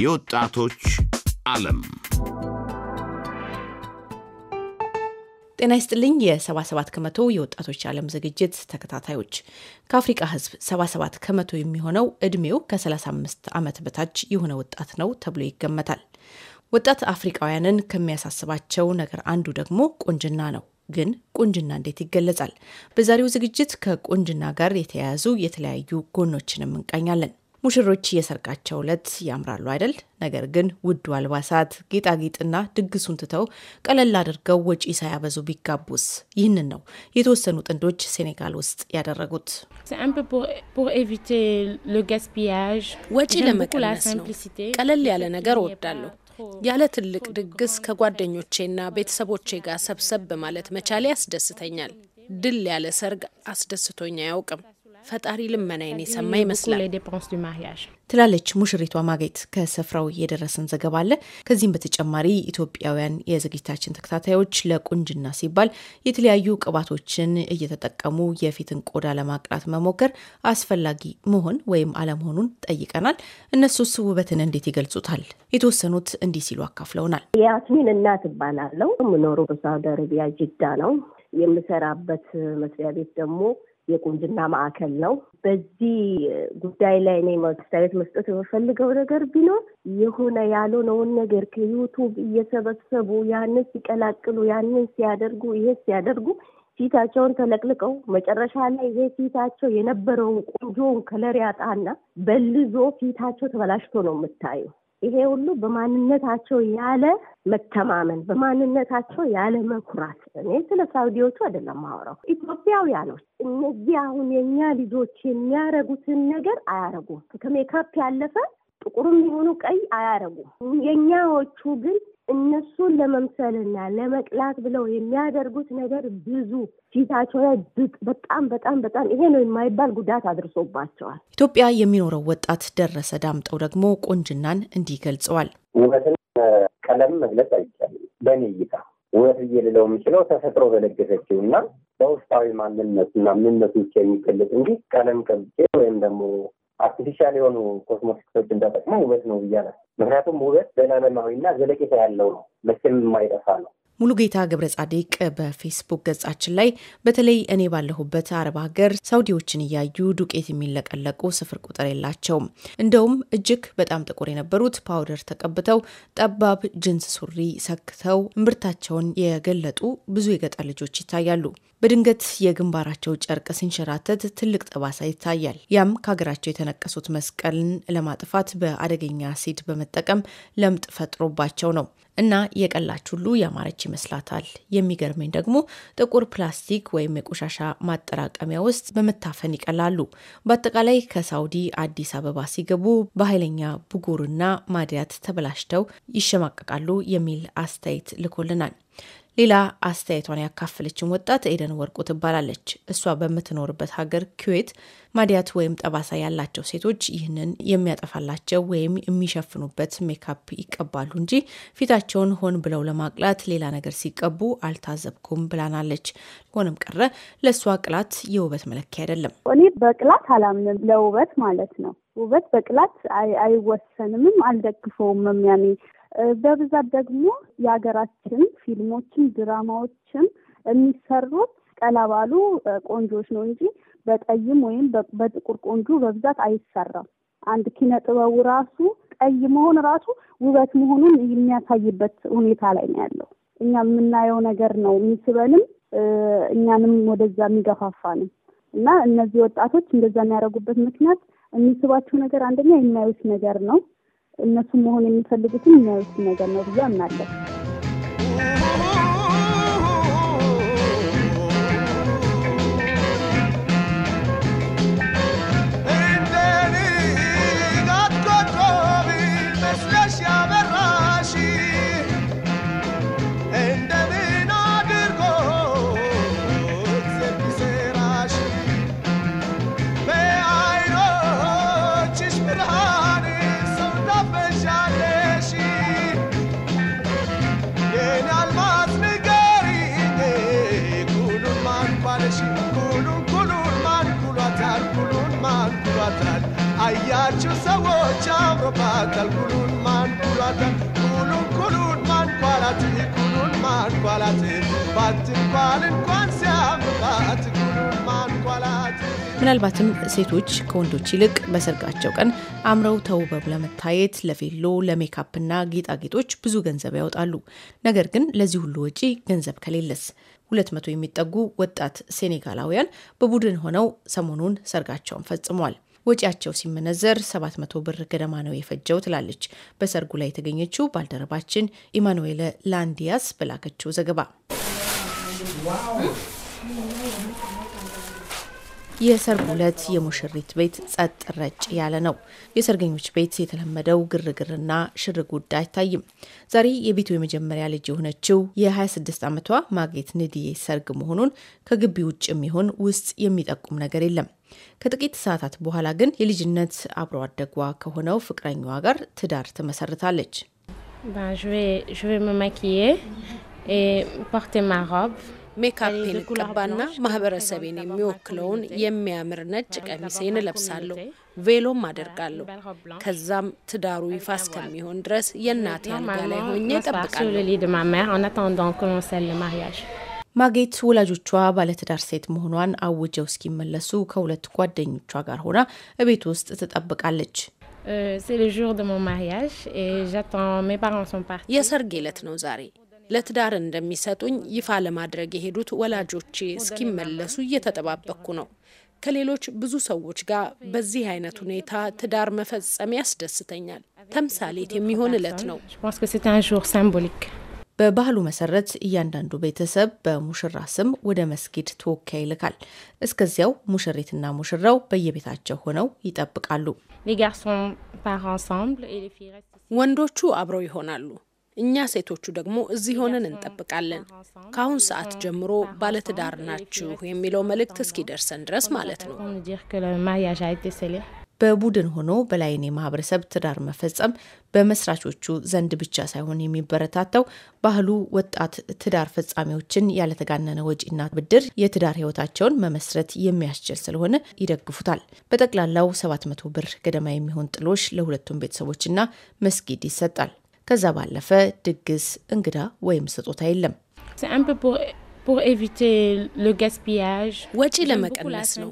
የወጣቶች ዓለም ጤና ይስጥልኝ። የ77 ከመቶ የወጣቶች ዓለም ዝግጅት ተከታታዮች ከአፍሪቃ ህዝብ 77 ከመቶ የሚሆነው ዕድሜው ከ35 ዓመት በታች የሆነ ወጣት ነው ተብሎ ይገመታል። ወጣት አፍሪቃውያንን ከሚያሳስባቸው ነገር አንዱ ደግሞ ቁንጅና ነው። ግን ቁንጅና እንዴት ይገለጻል? በዛሬው ዝግጅት ከቁንጅና ጋር የተያያዙ የተለያዩ ጎኖችንም እንቃኛለን። ሙሽሮች የሰርጋቸው ዕለት ያምራሉ አይደል? ነገር ግን ውዱ አልባሳት፣ ጌጣጌጥና ድግሱን ትተው ቀለል አድርገው ወጪ ሳያበዙ ቢጋቡስ? ይህንን ነው የተወሰኑ ጥንዶች ሴኔጋል ውስጥ ያደረጉት። ወጪ ለመቀነስ ነው። ቀለል ያለ ነገር እወዳለሁ። ያለ ትልቅ ድግስ ከጓደኞቼና ቤተሰቦቼ ጋር ሰብሰብ ማለት መቻሌ ያስደስተኛል። ድል ያለ ሰርግ አስደስቶኝ አያውቅም። ፈጣሪ ልመናዬን የሰማ ይመስላል ትላለች ሙሽሪቷ ማጌት። ከስፍራው የደረሰን ዘገባ አለ። ከዚህም በተጨማሪ ኢትዮጵያውያን የዝግጅታችን ተከታታዮች ለቁንጅና ሲባል የተለያዩ ቅባቶችን እየተጠቀሙ የፊትን ቆዳ ለማቅላት መሞከር አስፈላጊ መሆን ወይም አለመሆኑን ጠይቀናል። እነሱስ ውበትን እንዴት ይገልጹታል? የተወሰኑት እንዲህ ሲሉ አካፍለውናል። የአስሚን እናት እባላለሁ። የምኖረው በሳውዲ አረቢያ ጅዳ ነው። የምሰራበት መስሪያ ቤት ደግሞ የቁንጅና ማዕከል ነው። በዚህ ጉዳይ ላይ እኔ አስተያየት መስጠት የምፈልገው ነገር ቢኖር የሆነ ያልሆነውን ነገር ከዩቱብ እየሰበሰቡ ያንን ሲቀላቅሉ፣ ያንን ሲያደርጉ፣ ይሄ ሲያደርጉ ፊታቸውን ተለቅልቀው መጨረሻ ላይ ይሄ ፊታቸው የነበረውን ቆንጆውን ከለር ያጣና በልዞ ፊታቸው ተበላሽቶ ነው የምታየው። ይሄ ሁሉ በማንነታቸው ያለ መተማመን፣ በማንነታቸው ያለ መኩራት። እኔ ስለ ሳውዲዎቹ አይደለም ማውራው፣ ኢትዮጵያውያኖች እነዚህ አሁን የእኛ ልጆች የሚያረጉትን ነገር አያረጉም። ከሜካፕ ያለፈ ጥቁርም የሆኑ ቀይ አያረጉም። የእኛዎቹ ግን እነሱን ለመምሰልና ለመቅላት ብለው የሚያደርጉት ነገር ብዙ ፊታቸው ላይ ብቅ በጣም በጣም በጣም ይሄ ነው የማይባል ጉዳት አድርሶባቸዋል። ኢትዮጵያ የሚኖረው ወጣት ደረሰ ዳምጠው ደግሞ ቆንጅናን እንዲህ ገልጸዋል። ውበትን ቀለም መግለጽ አይቻልም። በእኔ እይታ ውበት እየልለው የምችለው ተፈጥሮ በለገሰችው እና በውስጣዊ እና ምንነቱ የሚገለጽ እንጂ ቀለም ቀብቼ ወይም ደግሞ አርቲፊሻል የሆኑ ኮስሞቲክሶችን ተጠቅሞ ውበት ነው ብያለሁ። ምክንያቱም ውበት ዘላለማዊና ዘለቄታ ያለው ነው፣ መቼም የማይጠፋ ነው። ሙሉጌታ ገብረ ጻዲቅ በፌስቡክ ገጻችን ላይ በተለይ እኔ ባለሁበት አረብ ሀገር ሳውዲዎችን እያዩ ዱቄት የሚለቀለቁ ስፍር ቁጥር የላቸውም። እንደውም እጅግ በጣም ጥቁር የነበሩት ፓውደር ተቀብተው ጠባብ ጅንስ ሱሪ ሰክተው እምብርታቸውን የገለጡ ብዙ የገጠር ልጆች ይታያሉ። በድንገት የግንባራቸው ጨርቅ ሲንሸራተት ትልቅ ጠባሳ ይታያል። ያም ከሀገራቸው የተነቀሱት መስቀልን ለማጥፋት በአደገኛ አሲድ በመጠቀም ለምጥ ፈጥሮባቸው ነው። እና የቀላች ሁሉ ያማረች ይመስላታል። የሚገርመኝ ደግሞ ጥቁር ፕላስቲክ ወይም የቆሻሻ ማጠራቀሚያ ውስጥ በመታፈን ይቀላሉ። በአጠቃላይ ከሳውዲ አዲስ አበባ ሲገቡ በኃይለኛ ብጉርና ማድያት ተበላሽተው ይሸማቀቃሉ የሚል አስተያየት ልኮልናል። ሌላ አስተያየቷን ያካፈለችን ወጣት ኤደን ወርቁ ትባላለች። እሷ በምትኖርበት ሀገር ኩዌት ማዲያት ወይም ጠባሳ ያላቸው ሴቶች ይህንን የሚያጠፋላቸው ወይም የሚሸፍኑበት ሜካፕ ይቀባሉ እንጂ ፊታቸውን ሆን ብለው ለማቅላት ሌላ ነገር ሲቀቡ አልታዘብኩም ብላናለች። ሆነም ቀረ ለእሷ ቅላት የውበት መለኪያ አይደለም። እኔ በቅላት አላምንም፣ ለውበት ማለት ነው። ውበት በቅላት አይወሰንም፣ አልደግፈውም ያኔ በብዛት ደግሞ የሀገራችን ፊልሞችን ድራማዎችን የሚሰሩት ቀላባሉ ቆንጆች ነው እንጂ በጠይም ወይም በጥቁር ቆንጆ በብዛት አይሰራም። አንድ ኪነ ጥበቡ ራሱ ቀይ መሆን ራሱ ውበት መሆኑን የሚያሳይበት ሁኔታ ላይ ነው ያለው። እኛ የምናየው ነገር ነው የሚስበንም እኛንም ወደዛ የሚገፋፋንም እና እነዚህ ወጣቶች እንደዛ የሚያደርጉበት ምክንያት የሚስባቸው ነገር አንደኛ የሚያዩት ነገር ነው። እነሱም መሆን የሚፈልጉትን የሚያዩት ነገር ነው ብዬ አምናለሁ። ምናልባትም ሴቶች ከወንዶች ይልቅ በሰርጋቸው ቀን አምረው ተውበው ለመታየት ለቬሎ፣ ለሜካፕና ጌጣጌጦች ብዙ ገንዘብ ያወጣሉ። ነገር ግን ለዚህ ሁሉ ወጪ ገንዘብ ከሌለስ? ሁለት መቶ የሚጠጉ ወጣት ሴኔጋላውያን በቡድን ሆነው ሰሞኑን ሰርጋቸውን ፈጽሟል። ወጪያቸው ሲመነዘር 700 ብር ገደማ ነው የፈጀው ትላለች በሰርጉ ላይ የተገኘችው ባልደረባችን ኢማኑዌለ ላንዲያስ በላከችው ዘገባ። የሰርግ ዕለት የሙሽሪት ቤት ጸጥ ረጭ ያለ ነው። የሰርገኞች ቤት የተለመደው ግርግርና ሽር ጉድ አይታይም። ዛሬ የቤቱ የመጀመሪያ ልጅ የሆነችው የ26 ዓመቷ ማጌት ንድዬ ሰርግ መሆኑን ከግቢ ውጭ የሚሆን ውስጥ የሚጠቁም ነገር የለም። ከጥቂት ሰዓታት በኋላ ግን የልጅነት አብሮ አደጓ ከሆነው ፍቅረኛዋ ጋር ትዳር ትመሰርታለች። ሜካፔን ቀባና ማህበረሰቤን የሚወክለውን የሚያምር ነጭ ቀሚሴን እለብሳለሁ፣ ቬሎም አደርጋለሁ። ከዛም ትዳሩ ይፋ እስከሚሆን ድረስ የእናቴ አልጋ ላይ ሆኜ እጠብቃለሁ። ማጌት ወላጆቿ ባለትዳር ሴት መሆኗን አውጀው እስኪመለሱ ከሁለት ጓደኞቿ ጋር ሆና እቤት ውስጥ ትጠብቃለች። euh, የሰርግ ዕለት ነው ዛሬ። ለትዳር እንደሚሰጡኝ ይፋ ለማድረግ የሄዱት ወላጆቼ እስኪመለሱ እየተጠባበቅኩ ነው። ከሌሎች ብዙ ሰዎች ጋር በዚህ አይነት ሁኔታ ትዳር መፈጸም ያስደስተኛል። ተምሳሌት የሚሆን ዕለት ነው። በባህሉ መሰረት እያንዳንዱ ቤተሰብ በሙሽራ ስም ወደ መስጊድ ተወካይ ይልካል። እስከዚያው ሙሽሪትና ሙሽራው በየቤታቸው ሆነው ይጠብቃሉ። ወንዶቹ አብረው ይሆናሉ። እኛ ሴቶቹ ደግሞ እዚህ ሆነን እንጠብቃለን። ከአሁን ሰዓት ጀምሮ ባለትዳር ናችሁ የሚለው መልእክት እስኪደርሰን ድረስ ማለት ነው። በቡድን ሆኖ በላይን የማህበረሰብ ትዳር መፈጸም በመስራቾቹ ዘንድ ብቻ ሳይሆን የሚበረታተው ባህሉ ወጣት ትዳር ፈጻሚዎችን ያለተጋነነ ወጪና ብድር የትዳር ህይወታቸውን መመስረት የሚያስችል ስለሆነ ይደግፉታል። በጠቅላላው 700 ብር ገደማ የሚሆን ጥሎሽ ለሁለቱም ቤተሰቦችና መስጊድ ይሰጣል። ከዛ ባለፈ ድግስ፣ እንግዳ ወይም ስጦታ የለም። ወጪ ለመቀነስ ነው።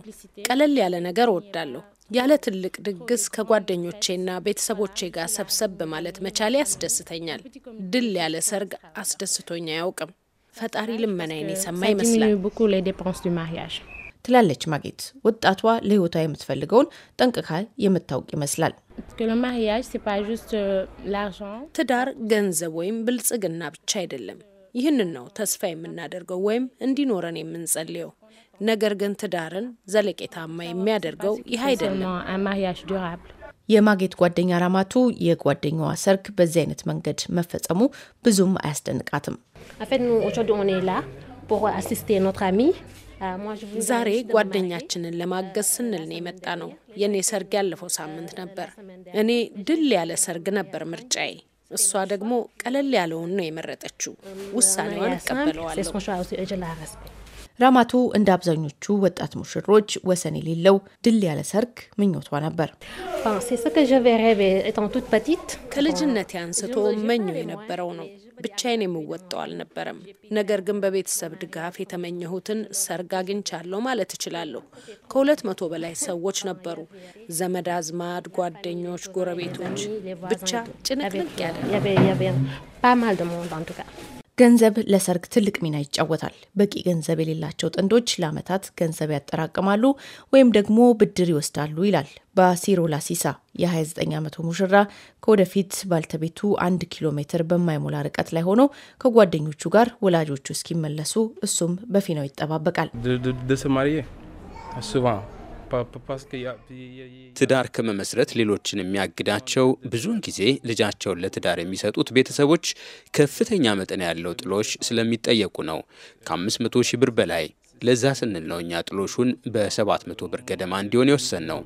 ቀለል ያለ ነገር እወዳለሁ። ያለ ትልቅ ድግስ ከጓደኞቼና ቤተሰቦቼ ጋር ሰብሰብ በማለት መቻሌ ያስደስተኛል። ድል ያለ ሰርግ አስደስቶኝ አያውቅም። ፈጣሪ ልመናይን የሰማ ይመስላል ትላለች ማጌት። ወጣቷ ለህይወቷ የምትፈልገውን ጠንቅካ የምታውቅ ይመስላል። euh, ትዳር ገንዘብ ወይም ብልጽግና ብቻ አይደለም። ይህንን ነው ተስፋ የምናደርገው ወይም እንዲኖረን የምንጸልየው። ነገር ግን ትዳርን ዘለቄታማ የሚያደርገው ይህ አይደለም። የማጌት ጓደኛ ራማቱ የጓደኛዋ ሰርግ በዚህ አይነት መንገድ መፈጸሙ ብዙም አያስደንቃትም። ዛሬ ጓደኛችንን ለማገዝ ስንል ነው የመጣ ነው። የእኔ ሰርግ ያለፈው ሳምንት ነበር። እኔ ድል ያለ ሰርግ ነበር ምርጫዬ። እሷ ደግሞ ቀለል ያለውን ነው የመረጠችው። ውሳኔዋን እቀበለዋለሁ። ራማቱ እንደ አብዛኞቹ ወጣት ሙሽሮች ወሰን የሌለው ድል ያለ ሰርግ ምኞቷ ነበር። ከልጅነት አንስቶ መኞ የነበረው ነው። ብቻዬን የምወጣው አልነበረም። ነገር ግን በቤተሰብ ድጋፍ የተመኘሁትን ሰርግ አግኝቻለሁ ማለት እችላለሁ። ከሁለት መቶ በላይ ሰዎች ነበሩ። ዘመድ አዝማድ፣ ጓደኞች፣ ጎረቤቶች፣ ብቻ ጭንቅንቅ ያለ ገንዘብ ለሰርግ ትልቅ ሚና ይጫወታል። በቂ ገንዘብ የሌላቸው ጥንዶች ለዓመታት ገንዘብ ያጠራቅማሉ ወይም ደግሞ ብድር ይወስዳሉ ይላል ባሲሮ ላሲሳ የ29 ዓመቱ ሙሽራ ከወደፊት ባልተቤቱ አንድ ኪሎ ሜትር በማይሞላ ርቀት ላይ ሆኖ ከጓደኞቹ ጋር ወላጆቹ እስኪመለሱ እሱም በፊናው ይጠባበቃል። ትዳር ከመመስረት ሌሎችን የሚያግዳቸው ብዙውን ጊዜ ልጃቸውን ለትዳር የሚሰጡት ቤተሰቦች ከፍተኛ መጠን ያለው ጥሎሽ ስለሚጠየቁ ነው። ከ500 ሺህ ብር በላይ ለዛ ስንል ነው እኛ ጥሎሹን በ700 ብር ገደማ እንዲሆን የወሰን ነው።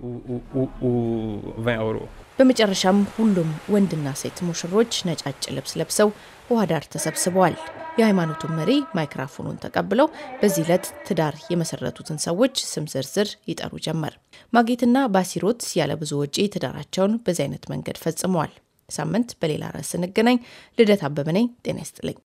በመጨረሻም ሁሉም ወንድና ሴት ሙሽሮች ነጫጭ ልብስ ለብሰው ውሃ ዳር ተሰብስበዋል። የሃይማኖቱን መሪ ማይክራፎኑን ተቀብለው በዚህ ዕለት ትዳር የመሰረቱትን ሰዎች ስም ዝርዝር ይጠሩ ጀመር። ማጌትና ባሲሮት ያለ ብዙ ወጪ ትዳራቸውን በዚህ አይነት መንገድ ፈጽመዋል። ሳምንት በሌላ ርዕስ እንገናኝ። ልደት አበበ ነኝ። ጤና ይስጥልኝ።